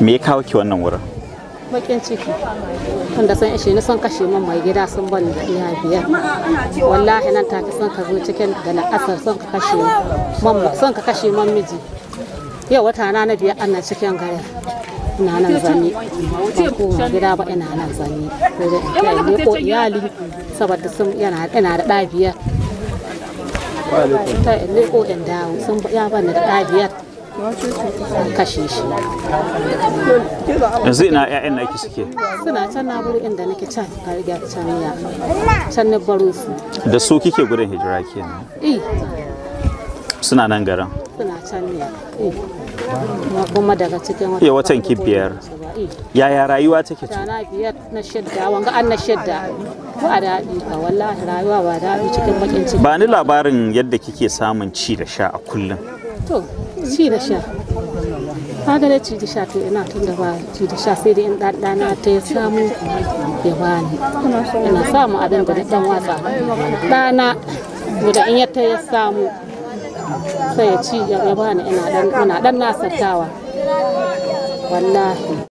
me ya kawo ki wannan wurin bakin ciki tunda san ishe ni son kashe mun mai gida sun bani da iya biyar wallahi nan ta sun ka zo cikin da na asar son ka kashe mun son ka kashe man miji yau wata na na biyar ana cikin gare ina nan zane ko gida ba ina nan zane ko ko iyali saboda sun yana ina da ɗa biyar ta ko dan dawo sun ya bani da ɗa biyar kashe shi yanzu ina 'ya'yan na ki suke suna can na buru inda nake can ka riga can ya can na baro su da su kike gudun hijira kenan eh. suna nan garin suna can ya eh. kuma daga cikin wata watan ki biyar eh. yaya rayuwa take ta na biyar na shidda wanga an na shidda ba daɗi wallahi rayuwa ba daɗi cikin bakin ciki ba ni labarin yadda kike samun ci da sha a kullum to ci da sha kaga da ci da sha to ina tun da ba ci da sha sai dai in ɗanɗana ta ya samu ya bani ina samu abin da dan watsa ɗana guda in ya ya samu sai ya ci ya bani ina dan nasartawa wallahi